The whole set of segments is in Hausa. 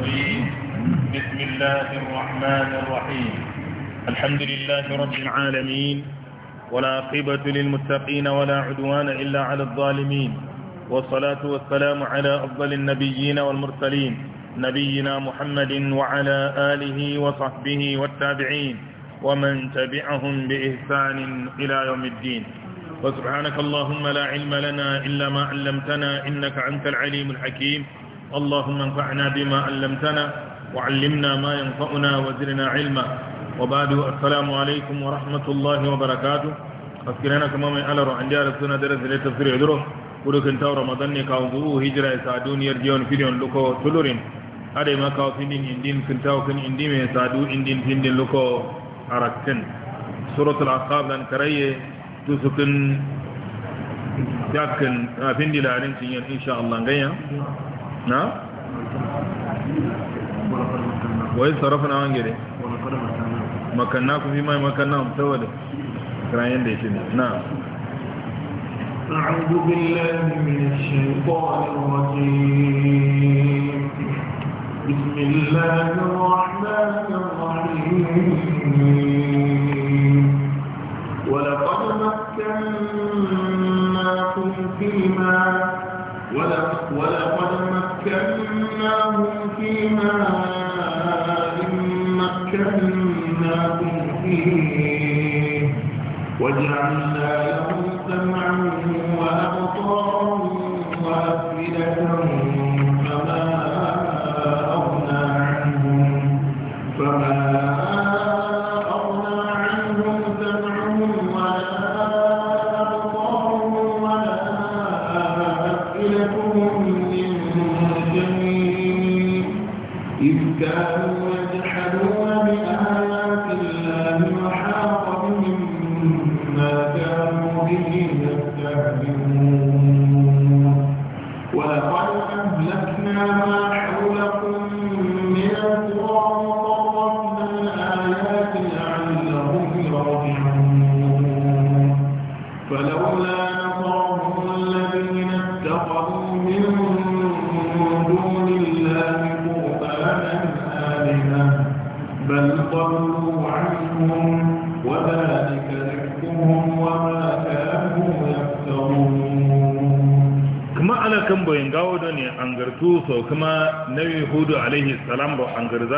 الرجيم بسم الله الرحمن الرحيم الحمد لله رب العالمين ولا عقبة للمتقين ولا عدوان إلا على الظالمين والصلاة والسلام على أفضل النبيين والمرسلين نبينا محمد وعلى آله وصحبه والتابعين ومن تبعهم بإحسان إلى يوم الدين وسبحانك اللهم لا علم لنا إلا ما علمتنا إنك أنت العليم الحكيم اللهم انفعنا بما علمتنا وعلمنا ما ينفعنا وزرنا علما وبعد السلام عليكم ورحمة الله وبركاته أذكرنا كما من على رعن جارة سنة درس لتفسير عدره ولكن تاو رمضان كاوضوه هجرة سعدون يرجون فيديون لكو تلورين أدي ما كاو فيدين اندين كنتاو كن اندين سعدو اندين فيدين لكو عركتن سورة العقاب لان كريه تسكن جاكن فيدين لارين إن شاء الله غير نعم وين صرفنا عن جري مكناكم فيما مكناهم سوده كراين دي شنو نعم أعوذ بالله من الشيطان الرجيم بسم الله الرحمن الرحيم ولقد مكناكم فيما ولقد مكناهم فيما إن مكناهم فيه وجعلنا لهم سمعا وأبصارا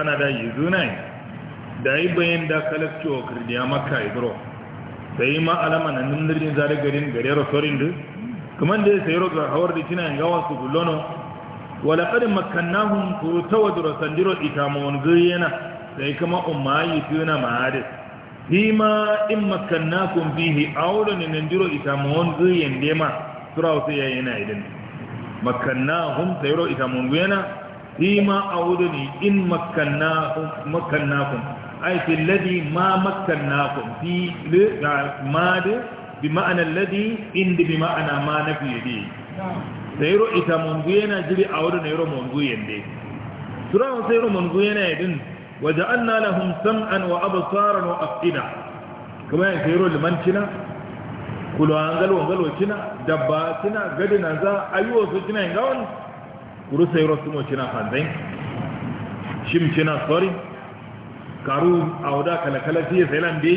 yi yi Da yi bayan da kalafci wa kirdiya makka idro sai ma alama na nundirin zare garin gare rasorin da kuma da sai rozu hawar da kina gawa su gulono wala qad makkannahum furutawa sandiro ita guyena sai kuma umma yi tuna ma'adis ma in bihi a awla ne nandiro itamon guyen dema sura sai yayin idin makkannahum sayro itamon guyena fi ma a wuduni in makannakun ai fi ladi ma makannakun fi ma da bi ma'anar ladi inda bi ma'ana ma na fiye da sayro ita mungu yana jiri a wurin yaro mungu yande surawan sayro mungu yana din waje an na lahun sam'an wa abasaran wa afida kuma yin sayro limancina kulwa an galwa galwa kina dabba kina gadina za a yi wasu kina yin gawon kurusairo sumo cina fanzai shim cina sori karu wuda kalakala fiye sailan bi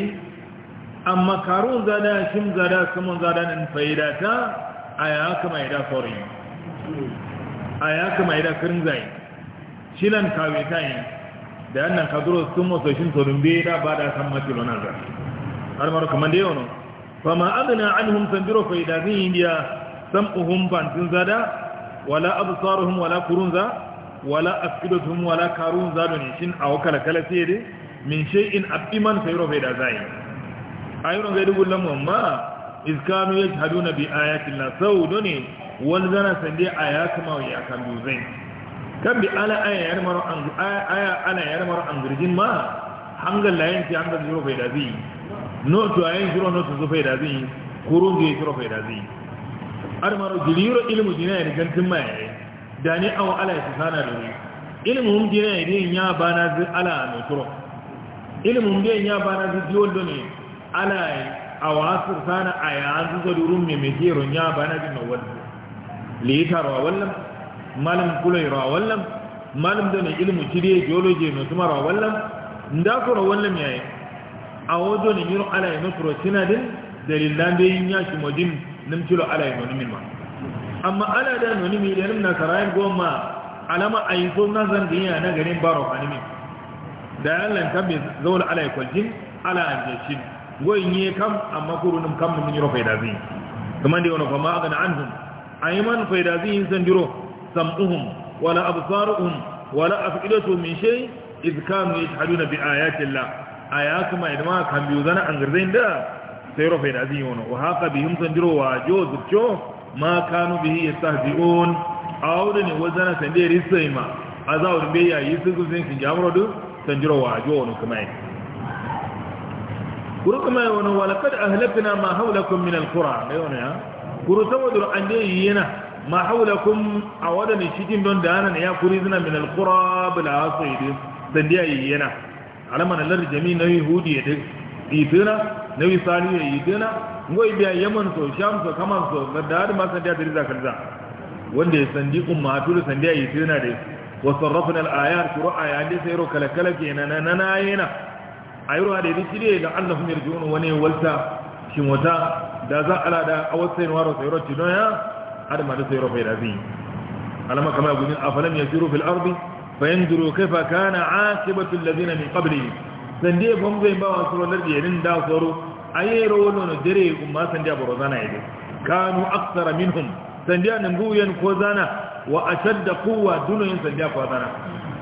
amma karu zada shim zada kuma zada nan faida ta aya sori a ya aya mai da kirin zai nan kawai ta yi da su kaduro sumo shi sorun bi da ba da san lona za har mara kamar da yawon fama adana an hun sanbiro faida zai indiya sam'uhun bantin zada wala absaruhum wala kurunza wala afidatuhum wala karunza don shin awkala wakala kala sai min shay'in abiman sayro bai da zai ayron ga dubu lamu amma iskanu yajhaduna bi ayati la saudo ne wal zana sande aya kuma ya kan duzai kan bi ala aya yar maro an aya ana yar maro an girgin ma hangal layin ti hangal zuro bai da zai no to ayin zuro no to zuro bai da zai kurunge zuro bai da zai armaru jiliro ilmu dinai da gantin mai da ni awa ala ya tsana da ni ilmu dinai ne ya bana zu ala no turo ilmu dinai ya bana zu diwon da ne ala a wasu sana a zu durum me me jiro ya bana zai mawar litarwa wallan malam kulairwa wallan malam da ne ilmu jire geology no tumarwa wallan ndakura wallan yayi a wajen yiro ala ya nufuro sinadin dalilan da yin shi modin nimtilo ala yanonim ma amma ala da yanonim da nim nasarayen goma alama a yi son nazan dinya na garin baro animi da yan lantar bai zaune ala ya kwaljin ala an jeshin goyin yi kam amma kuru, kurunin kam mun yi rufai da zai kuma da wani a ga an anhum a yi man fai da zai yin sandiro sam'uhum wala absaruhum wala afidatu min shay iz kanu yashhaduna bi ayati llah aya kuma idan ma kan biyu zana an garzain da sai rufe da azin yawon wa haka bihim sun jiro wa jo zuccio ma kanu bihi ya sa zi'on a wadda ne wadda na sanda risa yi ma a za wadda bai yayi su su sun shiga amuradu sun jiro wa jo wani kuma yi kuru kuma yi wani walakad a halakuna ma haulakun min alkura mai wani ya kuru saboda an je yi yana ma haulakun a wadda ne cikin don da ne ya kuri zina min alkura bula su yi dun sanda ya yi yana alamana lardi jami'in na hudu ya ta ɗi na wisani ya yi dina ngoyi biya yaman so sham so kaman so da har ma sandiya da riza kanza wanda ya sandi umma hatu da sandiya yi dina da wa sarrafna al ayat qura ayat da sayro kala kala kenan na na yana ruwa da yi shirye da allahum yarjiun wani walta shin wata da za ala da awasain waro sayro tinoya har ma da sayro fa da zai alama kama gudun afalam ya yasiru fil ardi fayanzuru kaifa kana aqibatu alladhina min qablihim sande e ba wasu suro lar yerin da soro ayero rawar no dare kuma sandi aboro zana yede kanu aksara minhum sandi an nguyen ko zana wa ashadda quwwa dunoyin sande a zana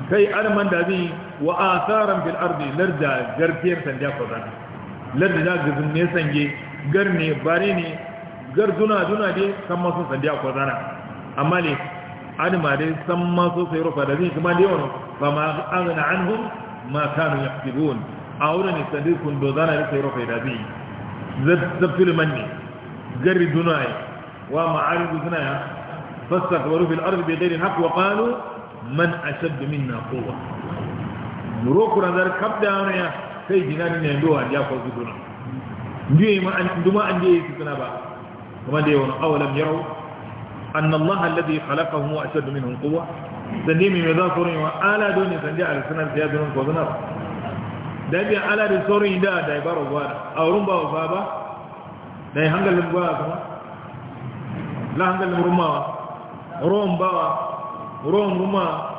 kai arman da zai wa tsaran fil ardi larda garfiyar sande a zana larda da gizun ne sange Gar ne, bare ne Gar duna dai san masu sande a zana amma ne adama dai san masu sai rufa da zai kuma da wani ba ma an ما كانوا يحسبون أولا يستدرك دوزانا لكي روح إرادي زبتل مني جر دناي ومعارض دنايا فاستكبروا في الأرض بغير الحق وقالوا من أشد منا قوة روكو نظر كبدا ونيا sai jinani ne ndo an jafa su duna ndiye ma an duma an je su duna ba kuma da yawan awalam yarau sande mai mai za su rin ala doni a sunar ta yadunan ko da biya ala da sauran da da ba ruwa a wurin ba ba ba da ya hangalin ba kuma la hangalin rumawa ruwan bawa ruwan ruma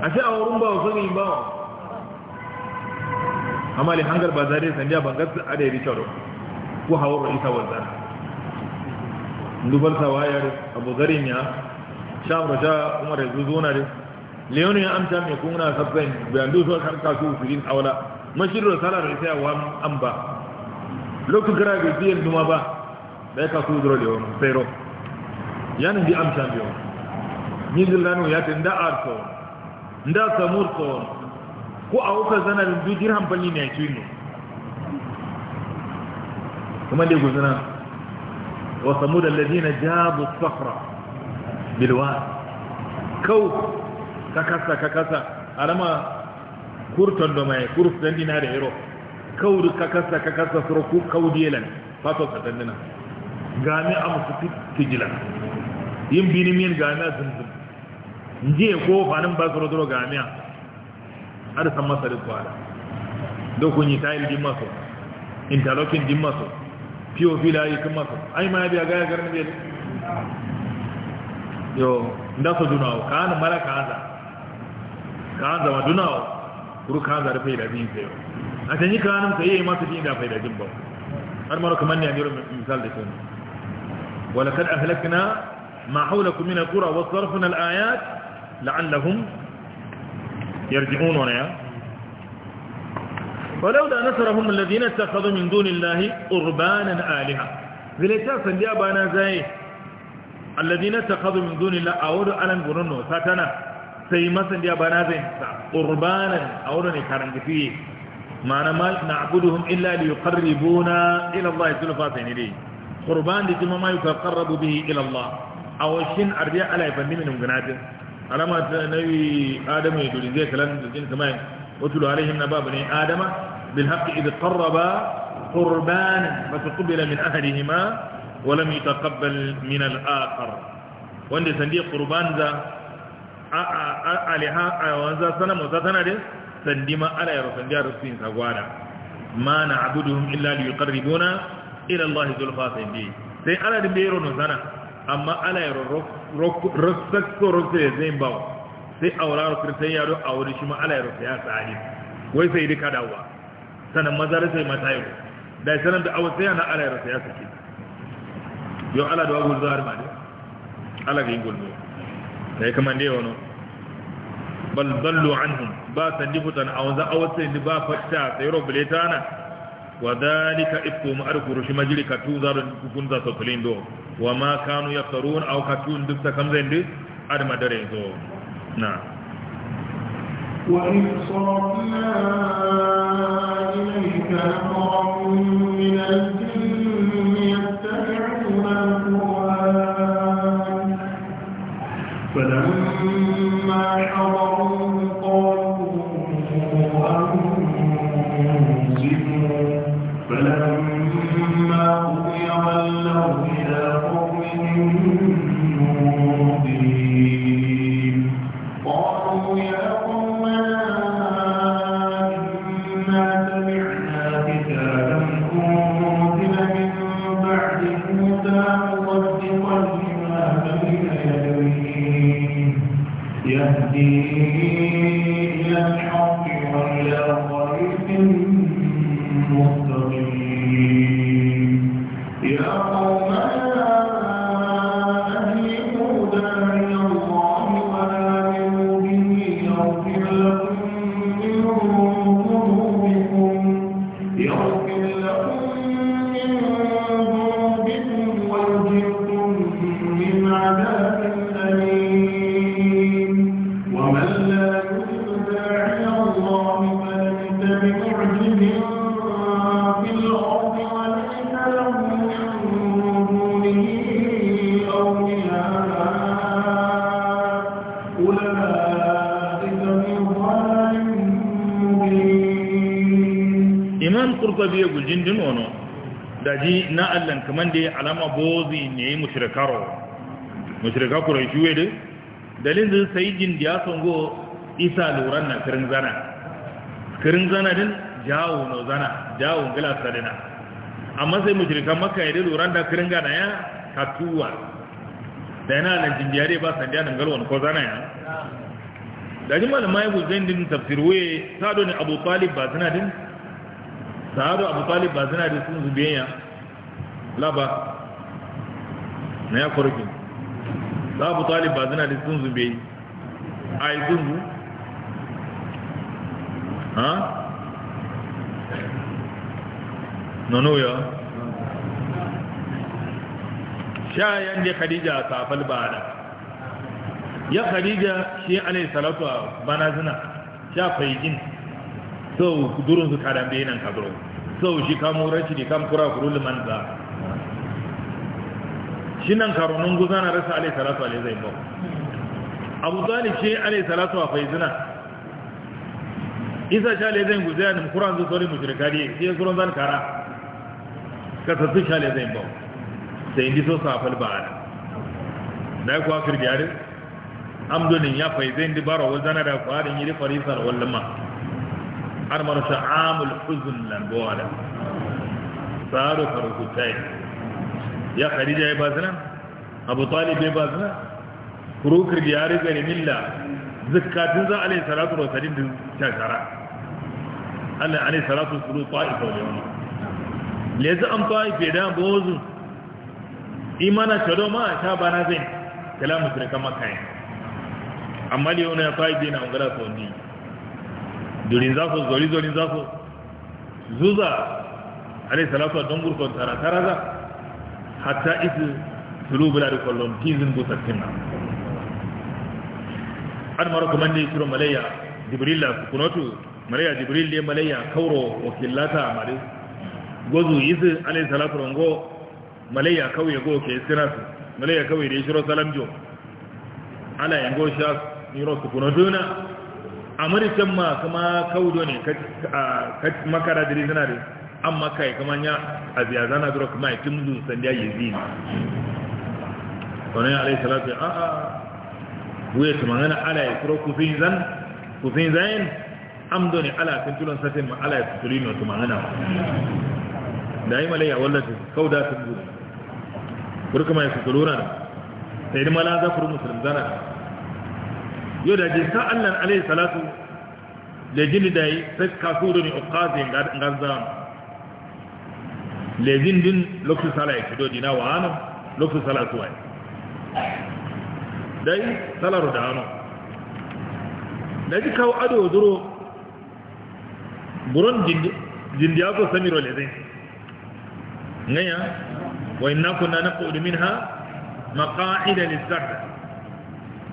a ce a wurin ba sun yi bawa amma li ba zare sande a bangar su a ko hawar ra'isa wanzar dubar sawayar abu garin ya sha kuma da zuzuna da leonu ya amsa mai kuna sabbin bayan dusuwar harka su firin aula da salar da sayawa an ba lokacin gara bai biyan duma ba da ya kasu zuwa leonu wani fero yanin bi amsa biyu nizin lanu ya tin nda arso nda samur tsohon ko a wuka zanar bi dirham balli ne ya ci kuma dai guzuna وثمود الذين جابوا الصخرة بالواد كو ككسا ككسا ألما كورتن دمائي كورتن دينار إيرو كو ككسا ككسا سرقو كو ديلا فاتو ستندنا غامي أمسكت تجلا yin binimin gamiya zunzun nje ya kofa nan ba su rodoro gamiya har san masa da kwada dokun yi tayil din maso interlocking din maso fiyo fila yi kan masa ai ma biya ga garin da yo nda so dunawo kan mara kaza kaza ma dunawo kuru kaza da faida din sai a tanyi kanun sai yayi masa din da faida din ba har mara kaman ne amiro misal da kai wala kad ahlakna ma hawlakum min alqura wa sarfna alayat la'allahum yarji'un wa ya walau da nasarahum alladhina ittakhadhu min dunillahi qurbanan alaha zilaita sandiya bana zai alladhina ittakhadhu min dunillahi awdu alan gununno satana sai masandiya bana zai sa qurbanan awdu ne karangifi ma'ana ma na'buduhum illa liqarribuna ila Allah zulfa sai ne qurban da kuma ma yuqarrabu bihi ila Allah awashin ardiya ala ibn min gunatin alama ta nabi adamu ya duri zai kalan واتلو عليهم نبا بني آدم بالحق إذ قربا قربانا فتقبل من أحدهما ولم يتقبل من الآخر وأن سندي قربان ذا أعلها وأن ذا سنة مستثنى دي سندي ما ألا يرى سندي رسين سوانا ما نعبدهم إلا ليقربونا إلى الله ذو الفاتح دي سي ألا دي بيرون سنة أما ألا يرى رسك رسك زين باو sai aura rufin sai yaro a wuri shi ma'ala rufe ya tsari wai sai duka dawa sanan mazar sai mata yau. da sanar da awa sai yana ala rufe ya sake yau ala da wagun zuwa ma ala ga yi gulmi da ya kama ne wani bal an hun ba san hutan a wanzan awa sai ni ba fata sai rubule ta na wa dalika ifku ma'ar kuru shi majrika tu za don kun za so kulin do wa ma kanu yaftarun aw katun duk ta kamzan duk adama dare zo نعم وإن صرفنا إليك أمرا من الجن يتبعون القرآن فلما حضروا قالوا أنزلوا فلما قضي ولوا إلى قومهم منذرين da alama bozi ne mushrikaro mushrika quraishu wede dalin da jin da ya songo isa loran na kirin zana kirin zana din jawo no zana jawo gila sadina amma sai mushrika makka yede luran da kirin gana ya katuwa da yana nan jinjiyare ba sandiya nan galwan ko zana ya da jin malama ya buzain din tafsirwe sado ne abu talib ba zina din sado abu talib ba zina din sun ya? laba na ya farkin za a butali ba zina da sun zube a yi sun zu ha? nono ya sha da khadija a safal ba da ya khadija shi alai salatu a bana zina sha faigin sau durin su kadan bayanan kabiro sau shi kamurarci rashi ne kam kura kurulun manza shi nan karonin guza na rasa alai salatu alai zai bau abu zani shi alai salatu a zina isa shi alai zai guza ne kuran zai sauri mushirka ne sai kuran zan kara kasassu shi alai zai bau sai indi so safal ba ana da kuwa firgiyarin amdonin ya bara wa zana da kwarin yi farisar wallama har marasa amul huzun lambawa da tsaro farukutai ya khadija ya bazna abu talib ya bazna kurukar da ya riga ne milla zakatun za a salatu wa sadin din shashara allah a lai salatu su ko da le za an be da bozu imana chodo ma ta bana zai kalamu kama kai. amma le ona ta'i ta'ife na ungara ko ni durin ko zori za ko zuza a salatu a don gurkon tara tara za hatta isu bula da kwallon tizin busar tinna an mara kuma ne suru malaya jibril la kukunatu malaya jibril ne malaya kauro wakilata mare gozu isu alayhi salatu rango malaya kauye go ke sinasu malaya kauye da shiro salamjo ala yango sha niro kukunatuna amurican ma kama kaudo ne makara diri suna da. amma kai kamanya zana duro kuma ya kimdu sandiya yazini wannan alayhi salatu a a ah, ah, wuya ta magana ala ya kuro kufin zan kufin zain amdo ne ala kan tulon satin ma ala ya tuturi ne wata magana da yi malaya wallata kauda sun Kuma kuma ya tutulura da. sai mala za ku rubuta zana yau da jinsa allan alayhi salatu da jini da yi sai kasu da ne ukazi lezin din lokacin sala ya kido dina wa hano lokacin sala suwa dai salaru da hano da ji kawo ado duro buron jindiya ko samiro lezin ngaya wa inna kunna naqudu minha maqa'ida lis-sakr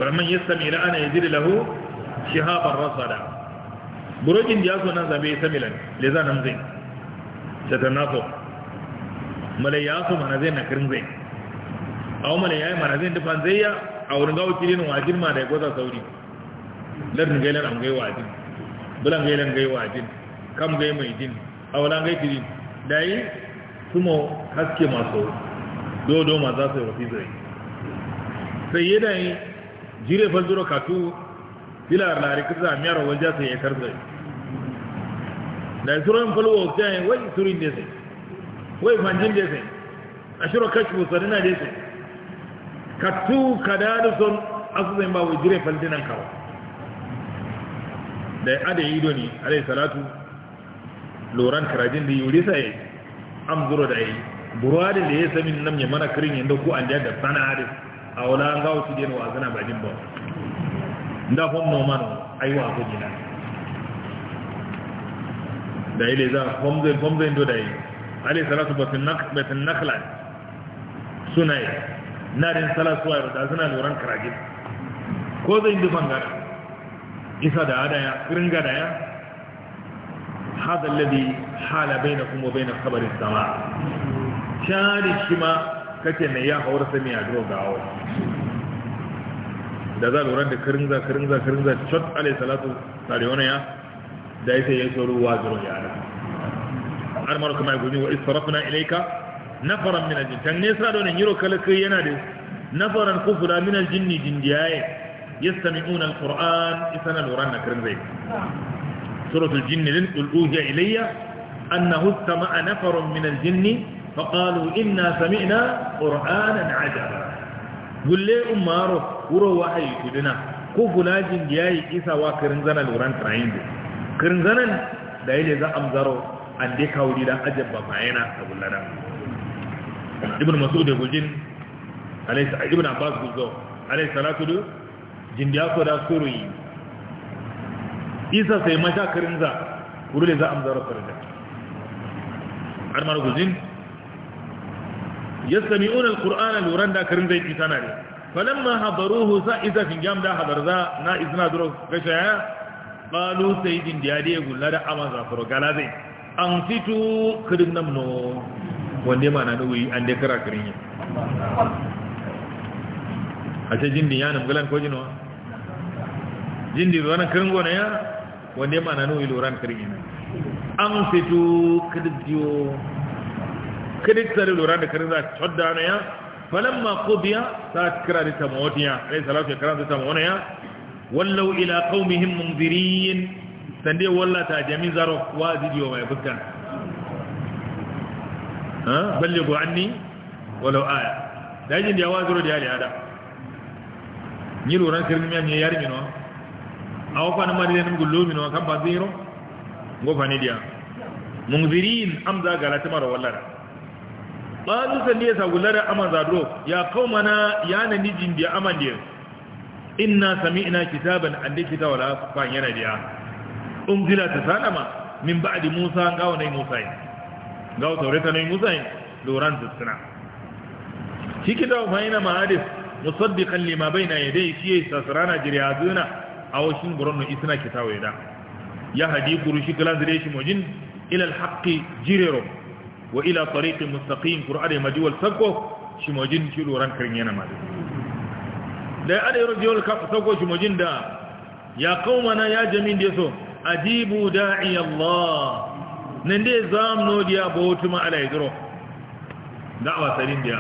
barman yastami la ana yazid lahu shihaban rasada burojin da yaso nan zabe samilan lezanan zai tatanaso malaya su mana zai na kirin zai aw malaya yi mana zai dufan zai ya a wurin gawo na wajin ma da goza sauri lardin gailan an gai wajin bulan gailan gai wajin kam gai mai jin a awalan gai Da dai sumo haske masu dodo ma za su yi wafi zai sai yi yi jire falzuro katu filar a miyar wajen sai ya karzai da suran falwa wajen wajen surin ne sai wai fanjin je sai kashi kashfu sarina je sai kattu kadadison asu zai ba wai jire faldinan kawo da ada yi doni alai salatu loran karajin da yuri sai amzuro da yi buradin da ya sami nan ya mana kirin yadda ku an da sana hadis a wala an gawo su den wazana ba ba Da fon no mano wa ko jina da ile za fom zai do da yi alai salatu batin nakla suna yi na din salasuwa wa da suna loran karage ko zai yi fangara isa da adaya ringa da ya hala bai na bainakum bai na kabarin sama shari shima kace mai ya hawar sami a duro gawo da za lura da kirinza kirinza kirinza shot alai salatu tsare wani ya da ya sai ya tsoro wa zuro ya ala armaru kama yaqulu wa isfarafna ilayka nafaran min al-jinn tan nesra do ne yiro kala yana da nafaran kufura min al-jinni jindiyaye yastami'una al-qur'an isana nuranna karin zai suratul jinn lin qul uhiya ilayya annahu istama'a nafarun min al-jinni faqalu inna sami'na qur'anan ajaba gulle umaro wuro wahayi tudina ko fulajin yayi isa wa karin zana luran trayin karin zanan da yake za amzaro an dai kawo ni dan ajab ba bayana a gullada ibn mas'ud da gujin alaysa ibn abbas guzo alayhi salatu du jindiya ko da suruyi isa sai mashakarin za kurule za amzara farda armar gujin yastami'una alqur'ana luran da karin zai fitana ne falamma hadaruhu sa'iza fin jam da hadarza na izna duro gashaya qalu sayyidin diya da gullada amazafaro galazai an fito kirin nan no wanda ya mana nuwi an dai kira kirin yi a ce jindin ya nan galan ko jino jindin wani kirin gona ya wanda ya mana nuwi loran kirin yi an fito kirin diyo kirin tsari loran da kirin za a codda na ya falamma kubiya ta kira da tamawatiya rai salatu ya kira karanta tamawaniya wallau ila qaumihim munzirin sande wallata jami zaro wa zidiyo mai ha balle go anni wala aya dajin da ya wazuro da ya ni loran kirmi ya ne yarmi no aw fa na ne ngullo mi no kan ba zero go fa ne dia munzirin amza galata mara wallara qalu sande sa sagulara aman zadro ya na ya na nijin da aman dia inna sami'na kitaban andi kitawala fa yana dia unzila ta salama min ba'di musa gawo nay musa yin gawo taurata nay musa yin loran zutsina shi ki dawo fa'ina ma'adis musaddiqan lima bayna yadayhi shi sasrana jiriyazuna awashin buronno isna kitawe da ya hadi gurushi kalan zire shi mojin ila alhaqi jirero wa ila tariqin mustaqim qur'ani majiwal sabko shi mojin shi loran karin yana ma da ya ada yaro kafa sauko shi mojin da ya kaumana ya jamin da ya so ajibu da'i Allah nan dai zamno dia bautu ma ala igro da'wa salin dia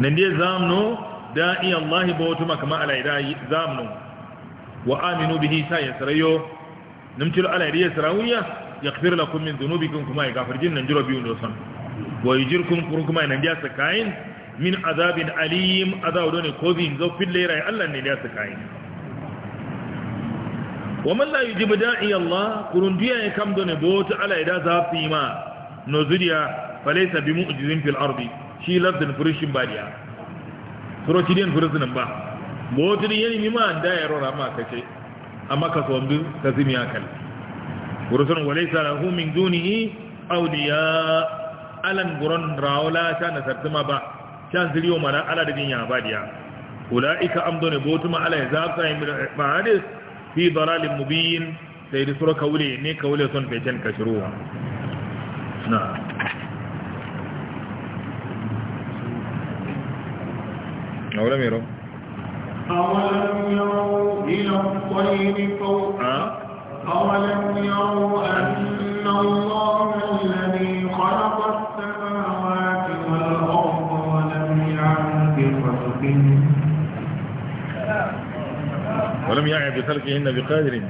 nan dai zamno da'i Allah bautu ma kama ala idai zamno wa aminu bihi sa yasrayo nimtul ala idai yasrawiya yaghfir lakum min dhunubikum kuma yaghfir jin nan jiro biyun dosan wa yujirkum kuma nan dia sakain min azabin alim azawdone ko bin zo fil lera Allah ne dia sakain wa man la yujibu da'i Allah kurundiya ya kam done bota ala ida za su yi ma nozuriya falaisa bi mu'jizin fil ardi shi lafzin furishin badiya furoci din furishin ba bota din yani mima da ya rora ma kace amma ka so ndu ka zimi akal furusun walaisa lahu min dunihi awliya alan guron rawla ta nasartuma ba can ziriyo mana ala da din ya badiya ulaika amdone ma za su yi ma في ضلال مبين سيد سورة كولي إني كولي سن بيجن كشروها نعم أولا ميرو أولم يروا إلى الطيب فوق أولم يروا ولم يعي بخلقهن بقادر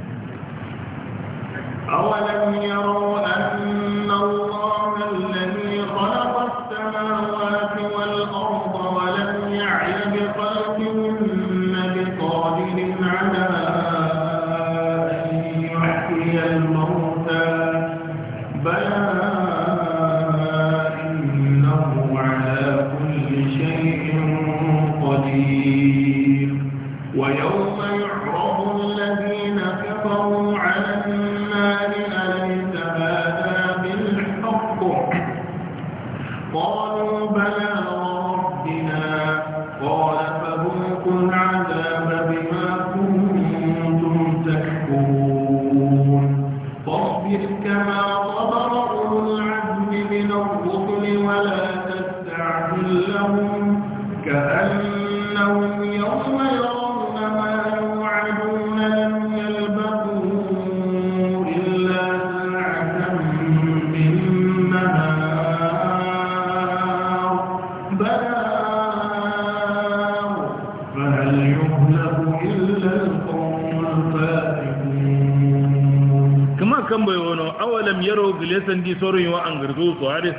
kuma kan bai wani awalam yaro gilesan di sauran yawa an garzo su haris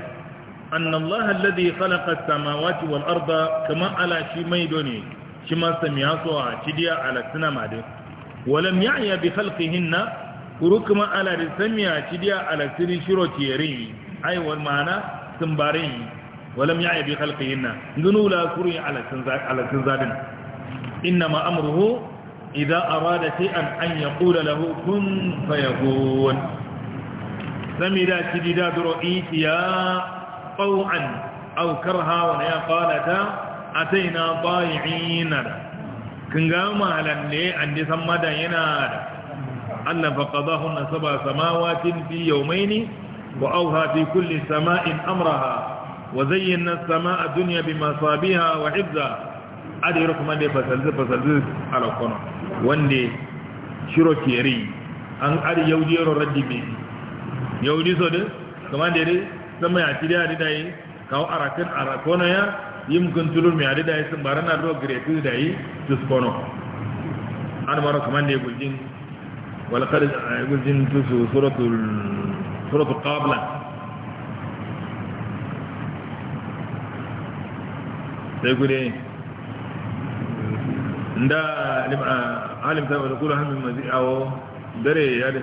an Allah alladhi khalaqa samawati wal arda kama ala shi mai doni shi ma samiya su a cidiya ala suna made walam ya'ya bi khalqihinna kuru kuma ala da samiya cidiya ala siri shiro tiyarin ai wal ma'ana sun barin walam ya'ya bi khalqihinna dunula kuru ala sun zadin إنما أمره إذا أراد شيئا أن يقول له كن فيكون سمدا شديدا برؤيتيا طوعا أو كرها ونيا قالتا أتينا طائعين كنغاما لنلي أني يسمى دينا أن فقضاهن سبع سماوات في يومين وأوها في كل سماء أمرها وزينا السماء الدنيا بمصابها وحفظها ada yoro kuma ne fasalzi fasalzi ala kono wande shiro keri an ada yaudi yoro raddi be yaudi so de kuma de de sama ya tidi ada kawo a rakin a kono ya yim kuntulur mi ada dai sembarana do gretu dai tus kono an mara kuma de guljin wala qad eh, guljin tusu suratul suratul sai gude nda alim ta wata kula hannun mazi awo dare ya da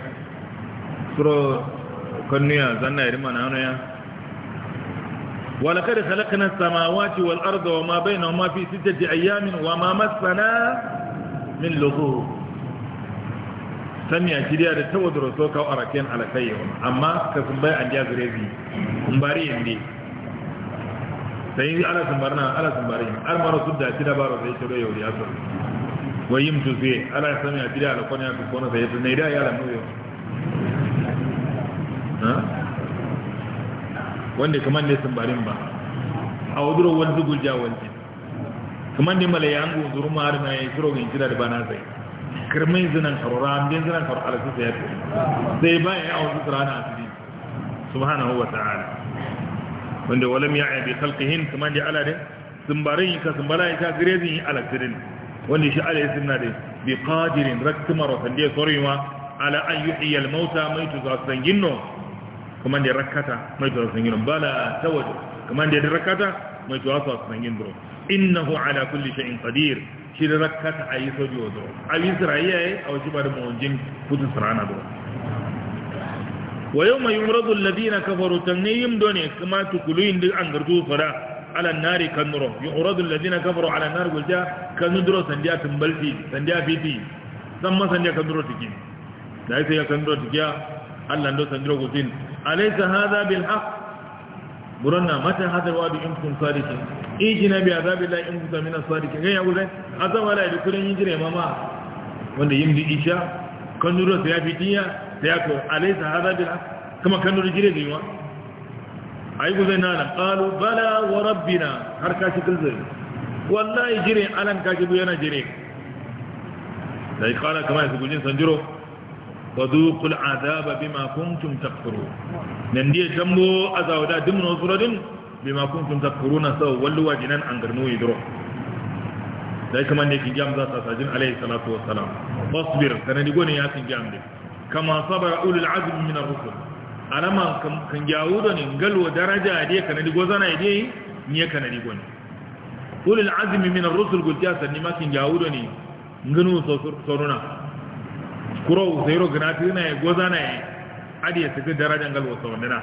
suro kanniya zanna ya rima na hannu ya walakar halakana samawaci wal arda wa ma bai wa ma fi ji ayyamin wa ma masana min lugu sanya shirya da tawadar so kawo rakiyar alakayyar amma ka sun bai an jazirezi kumbari yadda sai ala na ala sumbari al mara sudda ti da baro sai shiro ya so wayim tu sai ala sami a bidda ala konya ko kono sai ne da ya ala yo ha wanda kaman ne sumbarin ba a wuduro zugul gulja wanzu kaman ne mala yango na har mai shiro gin da bana sai kirmin zinan karora bin zinan karora ala sai sai ba ya awon zurana asiri subhanahu wa ta'ala wanda walam ya aibe kalkihin kuma da ala dai sumbarin yi ka sumbala ya ta girezin yi ala sirin wanda shi ala ya sinna dai bi qadirin raktumar wasan da ya sorewa ala an yi iyal mauta mai tuzo san ginno kuma da rakata mai tuzo san ginno bala tawadu kuma da rakata mai tuzo san ginno innahu ala kulli shay'in qadir shi da rakata ayi sojo do ayi sirayya ayi a wajibar mawjin kutu sarana do wa yau mai yumradu alladhina kafaru yin done kuma tukulu indi an gardu fara ala nari kanuro yumradu alladhina kafaru ala nari gulja kanudro sandiya tumbalti sandiya fiti san ma sandiya kanudro tiki da yake ya kanudro tikiya Allah ndo sandiya gultin alaysa hadha bil haqq buranna mata hadha wa bi imkum sadiqin ijina bi azabillahi in kuntum min as-sadiqin ga ya gulai azaba la bi kullin yijire mama wanda yimdi isha kanudro sai ya fitiya sai aka alaysa hadha bil haqq kama kan nuri gire ne wa ai guzai qalu bala wa rabbina har ka shi kulzai wallahi jire alan ka gibu jire sai kala kama su gujin sanjiro وذوقوا العذاب بما كنتم تكفرون نندي جمو أزاودا دمن وصردن بما كنتم تكفرون سو ولوا جنان أنقرنو يدرو ذلك من يكي جام ذات ساجن عليه الصلاة والسلام فاصبر سندقوني ياسي جام دي kama sabara ulul azmi min ar-rusul alama kan jawudo ne galwa daraja de kanadi gozana de ne kanadi goni ulul azmi min ar-rusul gulta sanni ma kan jawudo ne nganu soruna kuro zero gnati na gozana e adi su daraja galwa soruna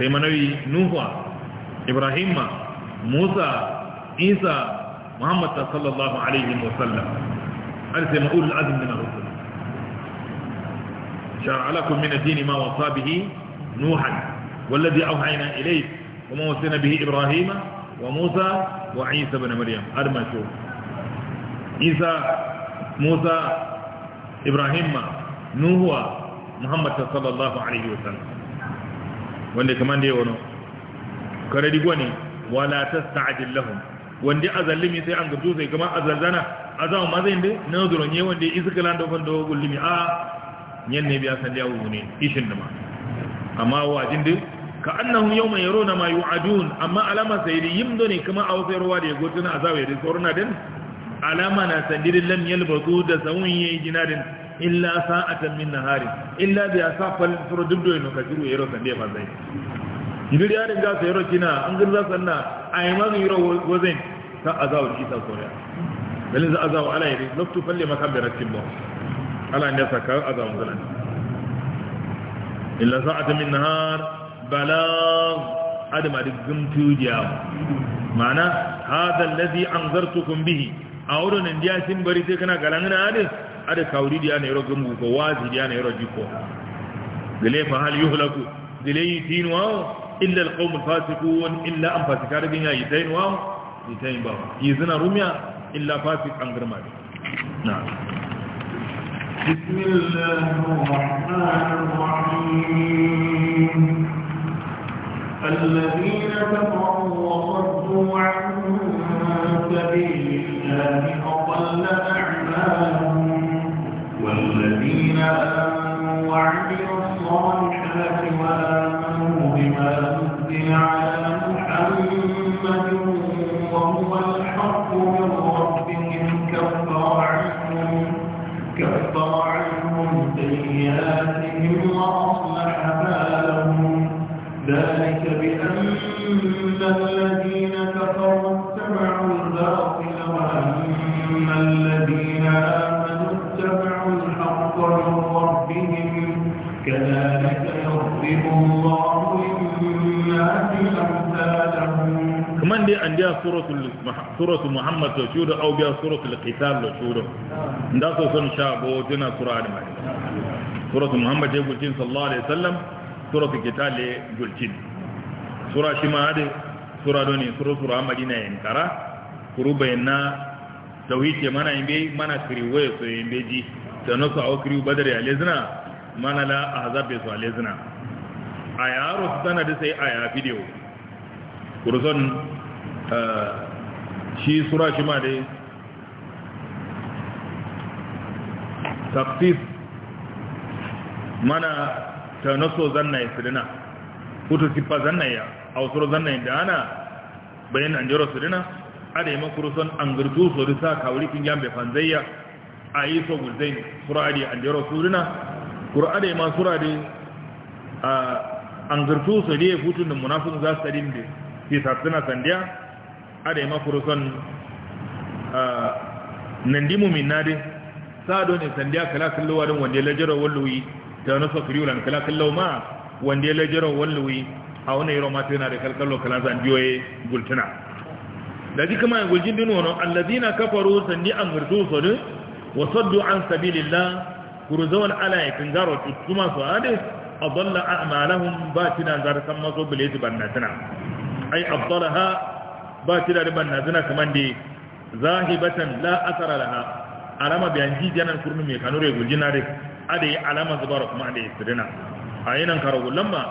sai manawi nuhu ibrahim musa isa muhammad sallallahu alaihi wasallam alsema ulul azmi min ar شرع لكم من الدين ما وصى به نوحا والذي أوحينا إليه وما وصينا به إبراهيم وموسى وعيسى بن مريم هذا ما شوف موسى إبراهيم نوح محمد صلى الله عليه وسلم wanda kaman da ya wano kare digwa ne wala ta sa'adin lahun wanda azallimi sai an gabto sai azalzana azan ma zai ne na zuron yi wanda iska lan da a yanne biya san jawo ne ishin ma amma wajin duk ka annahum yawma yaruna ma yu'adun amma alama sayri yimdo ne kuma a wasai ruwa da ya gotuna a zawaye da tsoruna din alama na sandirin lam yalbazu da sawun yayi jinadin illa sa'atan min nahari illa bi asafal furdubdo no kajiru yero sandiye ba zai idan ya dinga sai yero kina an gurza sanna ai ma yero wazin ta azawu kisa koriya balin za azawu alai loktu falle makabiratin ba ala ne saka a zaman zanen illa sa'ata min nahar balag adama da gumtu jiya ma'ana an allazi anzartukum bihi a wurin indiya sin bari sai kana galan na ade ade kauri diya ne rogum ko wazi diya ne rojiko dile fa hal Gile yi yitin wa illa alqawm alfasiqun illa an fasikar bin yayi tain wa yitain ba yizna rumya illa fasik an girma na'am بسم الله الرحمن الرحيم الذين كفروا وصدوا عن سبيل الله أعمالهم والذين آمنوا وعملوا الصالحات وآمنوا بما نزل عليهم ذلك بأن الذين كفروا اتبعوا الباطل وأما الذين آمنوا اتبعوا الحق من ربهم كذلك الله كمان عندها سورة محمد لشورة أو بها سورة القتال لشورة ندخل سن شعب وجنا سورة عدمان suratu muhammad ya gulcin sallallahu alaihi wasallam suratu kitale gulcin sura shi ma da sura doni sura sura madina yankara kuru bayyana tauhid ke mana imbe mana kriwe so imbe ji tano su au kriwe badar mana la ahzab su lezna aya ro tana da sai aya video kurson eh, shi sura mana ta naso zanna ya sirina kutu sippa zanna ya a wasu zanna ya dana bayan an jiro sirina a da yaman kuruson an girtu su risa kawuri kin yambe fanzayya a yi so gulzain suradi an jiro sirina kura da yaman suradi a an girtu su ne hutun da munafin za su tarin da fi sassuna sandiya a da yaman kuruson nan dimu min nadi sa don ne sandiya kala kallowa don wanda ya lajira wallowi ta na fakriyu lan kala kallo wanda la jaro wallawi a wani yaro ma tana da kala zan gultuna da ji kama guljin dinu wono alladina kafaru sanni an murdu sodu wa saddu an sabilillah kurzawan ala yakin garo tsuma su ade adalla a'malahum batina zar san mazo bilati bannatana ai afdalaha da bannatana kaman di zahibatan la biyan kanure ada yi alama zubar kuma ada yi sirina a yi nan karago lamba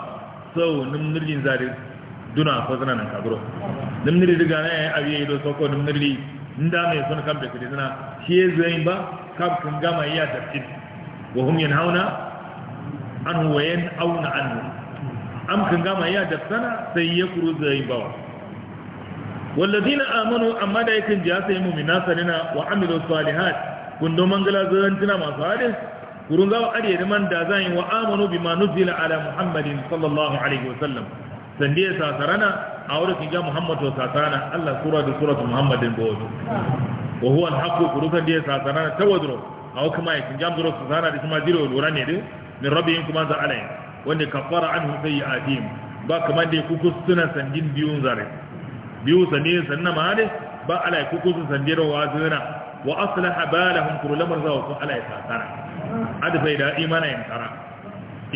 sau nimnirin zari duna ko zina nan kaguro nimniri riga na yayi abiye ido soko nimniri nda mai sun kam da kiri zina shi ya zuwa ba kam kun gama iya tafkin wa hum yan hauna an wayan auna an am kun gama iya tafsana sai ya kuru ba Amanu amma da والذين آمنوا أما دا sanina wa amilu salihat kun do mangala منغلا زنتنا ما صالح kurungawa ariya man da zan yi wa amanu ma nuzila ala muhammadin sallallahu alaihi wasallam sande ya sasarana a wurin kinga muhammad wa sasarana allah sura da suratu muhammadin ba wato wa huwa alhaqu kurusan da ya sasarana tawadro a wuka mai kinga mudro sasarana da kuma jiro lura ne din min rabbihim kuma za alai wanda kaffara anhu sayyi'atihim ba kamar da kuku suna sandin biyun zare biyu sandin sannan ma ne ba alai kuku sun sandin rawa zuna wa aslaha balahum kuru lamar zawa kun ala ya tsara ada sai da imana yin tsara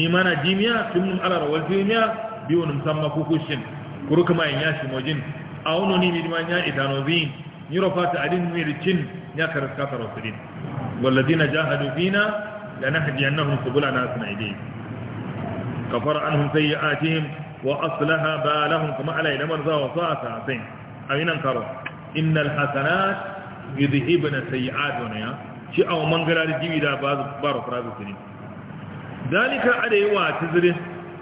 imana jimiya tunnum ala rawal jimiya biyu num samma kukushin kuru kuma yin yashi mojin awuno ni mi dimanya idanozin yurofata adin mi ricin ya karaska tarosidin والذين جاهدوا فينا لنهدينهم سبلنا سنعيدين كفر عنهم سيئاتهم وأصلح بالهم كما علي لمرزا وصاة عصين أين انكروا إن الحسنات yudhibna sayi'atuna ya shi a aw mangarari jibi da ba baro farazu tuni dalika adai wa tizrin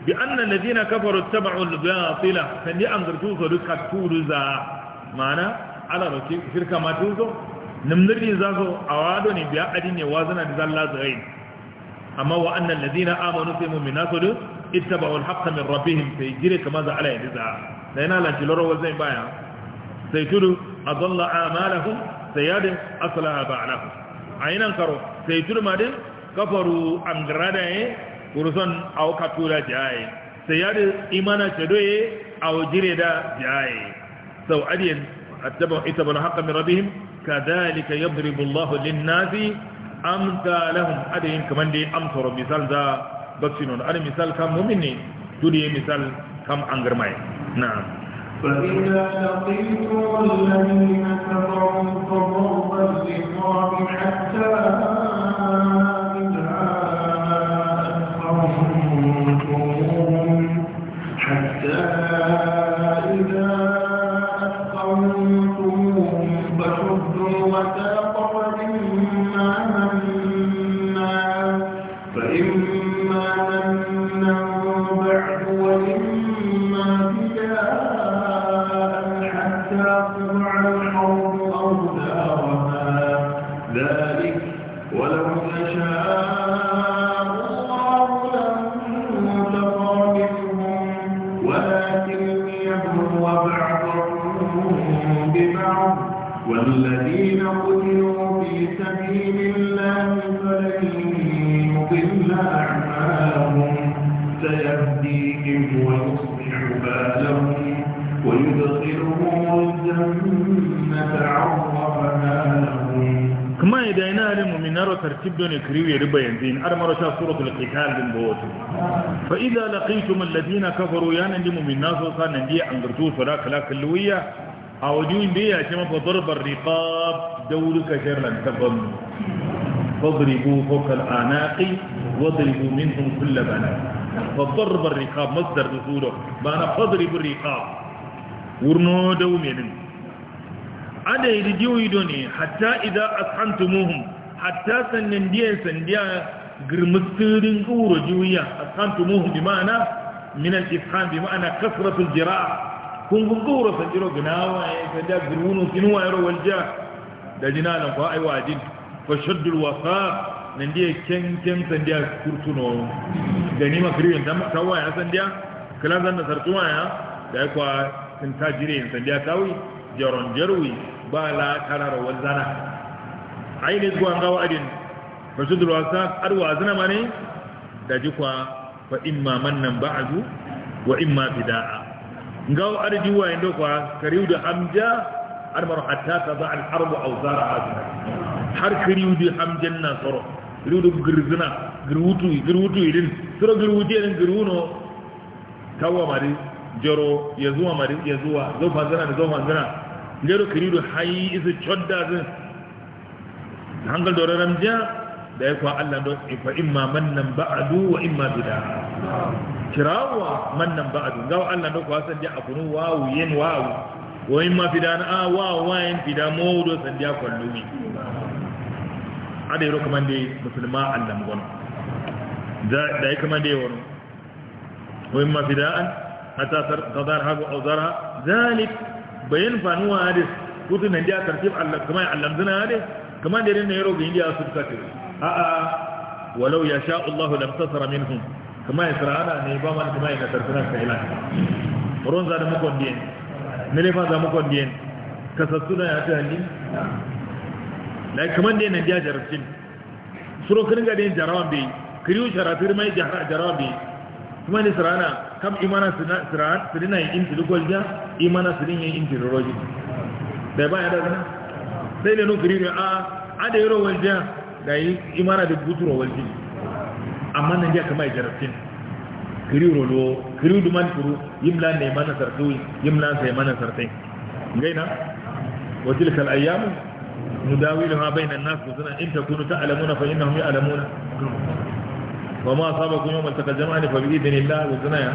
bi anna alladhina kafaru tabu al-batila kan an anzartu su duka turuza mana ala roki shirka ma tuzo nimnirri za su awado ne biya ne wazana da zalla zai amma wa anna alladhina amanu fi mu'minatu ittabu al-haqqa min rabbihim fi jira kama za ala yadiza dai na lan tiloro wazai baya sai tudu adalla amalahum sayadin aslaha ba'nahu ainan karo sai din kafaru angradaye kurusan au katula jaye sayadi imana cedoye au jireda jaye sau adiyan attaba itabul haqqa min rabbihim kadhalika yadribu Allahu lin-nasi amsalahum adiyan kaman dai amsaro misal da baksinun ad misal kam mu'mini tudi misal kam an angarmai na'am فإذا لقيتم الذين كفروا فضرب الرقاب حتى ترتيب دون كريوي ربا ينزين أنا مرة شاف سورة القتال من بوته فإذا لقيتم الذين كفروا يانا دي من ناس وصان عن أنقرتوه ولا كلاك اللوية أوجوين بيها كما فضرب الرقاب دولك لن تبن فضربوا فوق الأعناق وضربوا منهم كل بنا فضرب الرقاب مصدر دخوله بانا فضرب الرقاب ورنو دومين أنا يريدوا يدوني حتى إذا أسحنتموهم hatta sannan biyan sandiya girmistirin ƙura juyiya a kan tumuhu bi ma'ana minan ishan bi ma'ana kasratul jira kun kun ƙura sanjiro wa ya yi sandiya girmunu kinuwa ya rawar ja da ko kwa aiwa fa shaddul wasa nan diya kyankyan sandiya kurtuno gani makirin ta ya sandiya kilan zan da sartuma ya da ya kwa sun ta jire sandiya kawai jaron jarwi ba la karar wanzana aini zuwa gawa adin rashidul wasa arwa azna mane da jikwa fa imma mannan ba'du wa imma fida'a gawa arji wa indo kwa kariu da hamja armar hatta tada al harb aw zara azna har kariu da hamjan na soro kariu da girzina girwutu girwutu idin soro girwutu idin girwuno kawa mari joro ya zuwa mari ya zuwa zo fanzana da zo fanzana jero kariu da hayi isu chodda zin hangal do ram ja da ya kwa Allah do fa imma mannan ba'du wa imma bida kirawa mannan ba'du gawa Allah do kwa san a kunu wawu yen wawu wa imma bida na a ah, wawu wa yen bida mo do san ja kwallumi ada yaro kuma dai musulma Allah mu gono da ya kuma dai wono wa imma an hatta tadar hagu a zara zalik bayan fanuwa hadis kutu nan ja tartib Allah kuma ya Allah zina hadis kamar da rinna yaro ga indiya su suka ce a'a walau ya sha Allah da tasara minhum kama ya sarana ne ba man kama ya tarfina ka ila ron za da mu kondiyen ne le fa za mu kondiyen kasassu da ya ta hali lai kamar da yana diya jarabcin suro kirin ga den jarawan bai kiriyu sharafir mai jarawan bai kuma ne sarana kam imana sirina yin inti duk imana sirina yin inti rojin da ba ya da sai ne nufiri ne a ada yi rawar jiya da yi imana da butu rawar jiya amma nan jiya kama ya jarabtin kiri rolo kiri duman kuru mla ne mana sarfi mla sai mana sarfi gaina wajil kal ayyamu nudawiluha nan su kuzuna in ta kunu ta alamuna fa innahum ya'lamuna وما أصابكم يوم التقى الجمعان فبإذن الله وزنايا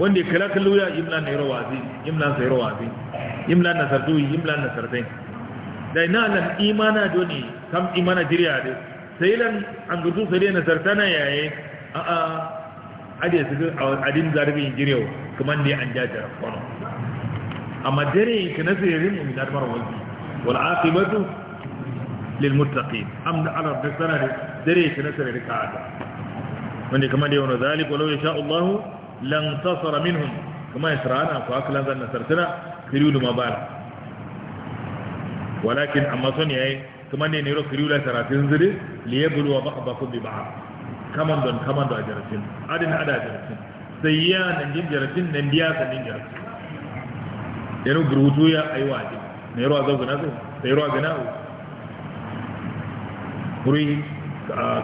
وندي كلاك اللويا يملا نيرو وازي يملا سيرو وازي يملا نسرتوي na sarfi na lan imana doni kam imana diriya de lan an gudu sai na zartana yaye a a ade su adin zarbi jiriyo kuma ne an jajar kono amma dare kana sirrin mu da wani wal aqibatu lil muttaqin da ala rabbana dare kana sirrin ka wanda kuma dai wannan zalik walau insha Allah lan tasara minhum kuma isra'ana ko akalan zan sartana kirilu mabala walakin amma son yayi kuma ne ne rokiri la saratin zuri liye yablu wa ba'dakum bi ba. kaman don kaman da jaratin adin ada jaratin sai ya nan din jaratin nan dia san din jaratin yaro grutu ya aiwa waje ne ruwa azabu na zo sai ruwa gana o kuri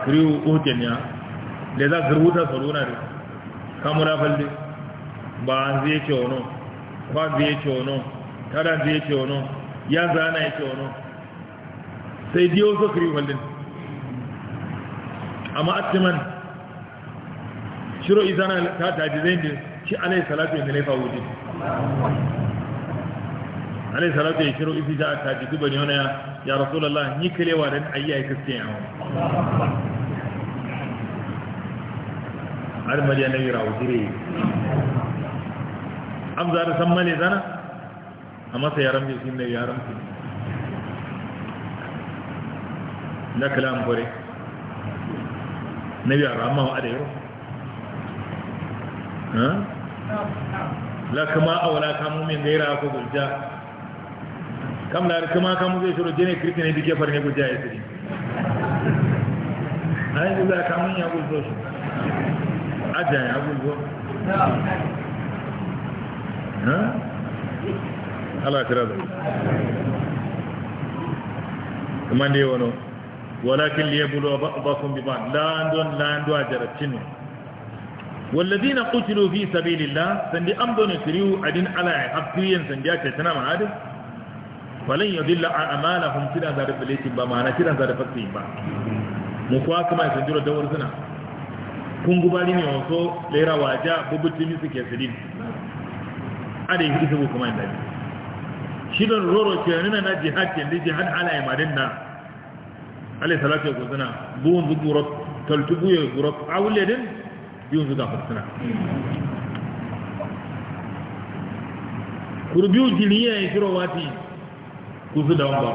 kriu otenya le za gruta soruna re kamura falle ba zai ce ono ba zai ce ono kada zai ce ono ya zana ya ce wano sai diyo so kiri wallin amma atiman shiro izana ta zai ne shi alai salatu yadda laifa wuce alai salatu ya shiro isi ta a tajizu ne wani ya rasulallah ni kalewa don ayyai kristiyan yawon har mariya na yi rawo jire an za da san male zana a masa yaran bai shine yaran ku na kalam gore na biya ramma wa da Ha? la kama awala kamu min gaira ko gulja kam la kama kamu zai shiro jene kristine bi ke farne gulja ya sirri ai gulja kamun ya guljo shi ajan ya ha ala tiraza kuma ne wano walakin liya bulo ba kun bi ba landon lando a jarabcin wallazi na kucilu fi sabi lillah sandi an bane siriyu adin ala ya hafiyan sandi ya tattana ma'adin walin yau dilla a amala hun kiran zarar filitin ba ma'ana kiran zarar fasiyin ba mu kuwa kuma ya sanjiro dawar suna kun gubari ne wasu lera waja bubutu misu ke sirin ada yang ku kuma main tadi shidan roro ke nuna na jihad ke ndi jihad ala ya na alai salatu ya gozana buwan zu gurot taltubu ya gurot a wuledin biyun zu gafar suna kurbiyu jiniya ya shiro wati kuzu da wamba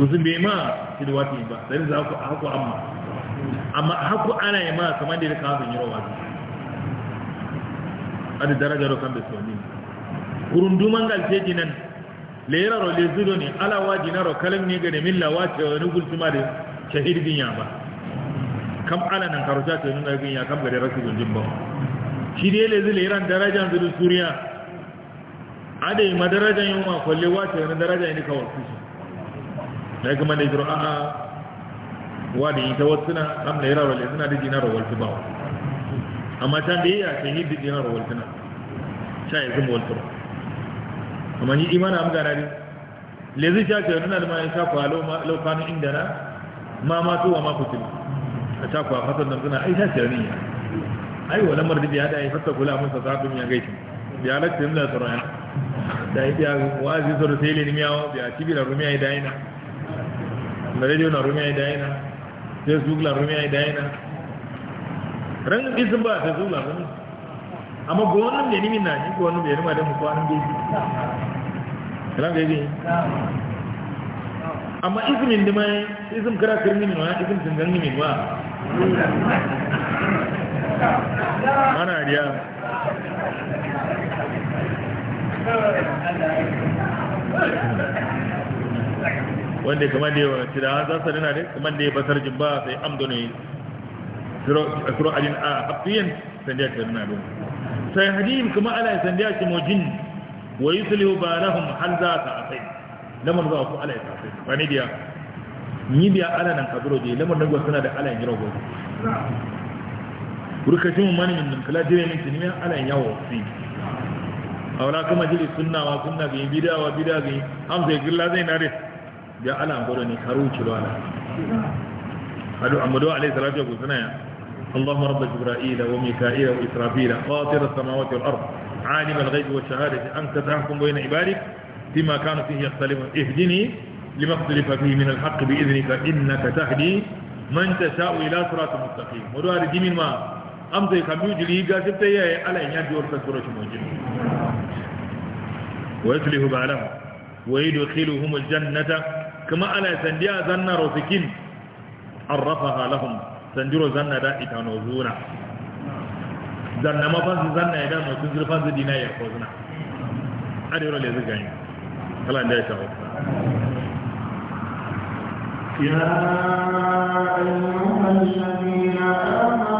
kusu bai ma shi da wati ba sai za ku haku amma amma haku ana yi ma kamar da ya kawo sun yi rawa ada daraja ro kambe soni kurundumangal tejinan lera ro le zudo ni ala wajina ro kalam ni min milla wace wani gultuma da shahid bin ba kam ala nan karuta to nuna bin ya kam gare rasu gunjin ba shi dai le zile ran darajan zudu suriya ada ma darajan yau ma kwalle wace wani daraja ne kawai su shi da kuma da jiro a'a wa da ita wasu na kam lera ro le zina da jina ro waltu ba amma tambiyya ta yi bidina ba waltana sha ya zama waltura amma ni imana am gara ne le sha ce nuna da ma ya sha kwa laukanu inda na ma ma wa ma kutu a sha a fasar da suna ai sha ce ne ya ai wa lamar da biya da ai fasa kula mun sa zafin ya gaishe biya lakta yin da tsoron yana da ya biya wa azi tsoro sai ilini miyawa biya cibi na rumiya ya dayina na rediyo na rumiya ya dayina facebook na rumiya ya dayina ran isin ba ta zula ba amma go wannan da nimin na ji go wannan da nima da mu kwanan da shi ran da yi amma izinin da mai izin kara kirmin wa izin tungan nimin wa ana riya wanda kamar da yawa tirawa za su nuna da kamar da ya basar jimba sai amdo ne suro ajin a hafiyan sandiya ta rana don sai hadihim kuma ala sandiya ce mojin wa yi sulihu ba lahum hal za ta asai lamar za ku ala ya asai ba ne biya ni biya ala nan kaburo je lamar nan suna da ala yin jira gobe mu mani min kala jire min tinimi ala yin yawo fi a kuma jiri sunna wa sunna bi yi wa bida bi yi hamsa ya girla zai na dai biya ala an gwada ne karu cilo ala hadu amadu alaihi salatu wa sallama اللهم رب جبرائيل وميكائيل وإسرافيل فاطر السماوات والأرض عالم الغيب والشهادة أنت تحكم بين عبادك فيما كانوا فيه يختلفون اهدني لما اختلف فيه من الحق بإذنك إنك تهدي من تشاء إلى صراط مستقيم ودوار من ما أمضي كم يجلي قاسبت تيهي على إن ورسل سورة موجود ويسله بعلم ويدخلهم الجنة كما على سنديا ذن رسكين عرفها لهم Sanjiro zanna da itano zuna zanna ma fansu zanna ya gano sun zirfan su dina ya ko zuna a da yaro da zirga yi kalan da ya shawo يا أيها الذين آمنوا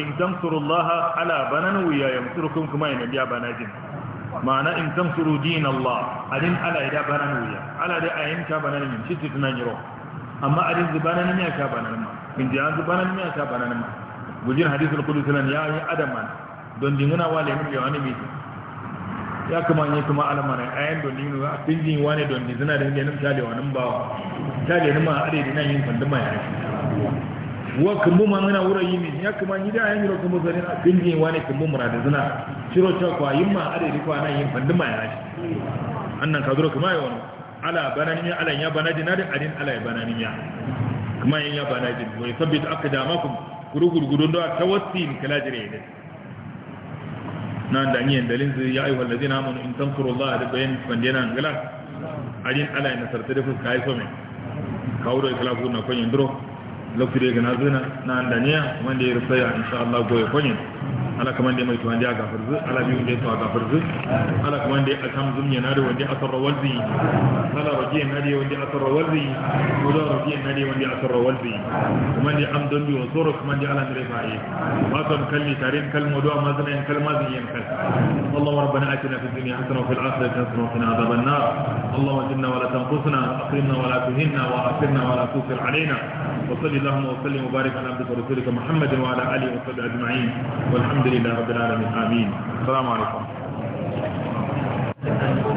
in Allah ala bananu ya yamsurukum kuma ya nabiya banajin ma'ana in tamsuru Allah, adin ala ida bananu ya ala da ayin ka bananu min shi tuna jiro amma adin zubanan ne ka bananu ma in ji an zubanan ne ka bananu ma gujin hadisul qudsi ya yi adaman don dinguna wale mun yawani mi ya kuma ne kuma alamana ayan don dinu a pinjin wane don dinuna da ne nan tale wannan bawa tale nan ma adai dinan yin kanduma ya wa kumbu mangana wura yimi ya kuma ni da yanyi kumbu zari na dinje wani kumbu mura da zina shiro ta kwa yin ma adadi kwa nan yin fandin ma ya shi annan ka zuro kuma yi wani ala banani ya ala ya na, da adin ala ya banani ya kuma yin ya banadin wai sabbita aka dama ku guru da tawassin kala jire ne nan da ni dalin zai ya ayyuhal ladina amanu in allah da bayan fandina ngala adin ala ya nasarta da fuska ya so mai kawo da kala ku na kwanyin duro lokacin da na zuna na daniya, wanda ya rufe ya insha Allah goye ala kaman da mai tuwan da gafarzu ala biyu da tuwa gafarzu ala kaman da akam zumya na da wanda asarra walzi ala rajiya na da wanda asarra walzi wala rajiya na da wanda asarra walzi kuma da am don biyo soro kuma da ala mire fa'i ba san kalli tarin kalmo do amma zan yan kalma zan yan kal Allahu rabbana atina fid dunya hasana wa fil akhirati hasana wa qina adhaban nar Allahumma jinna wa la tanqusna aqrimna wa la tuhinna wa asirna wa la tusir علينا وصلي اللهم وسلم وبارك على عبدك ورسولك محمد وعلى اله وصحبه اجمعين والحمد لله رب العالمين آمين السلام عليكم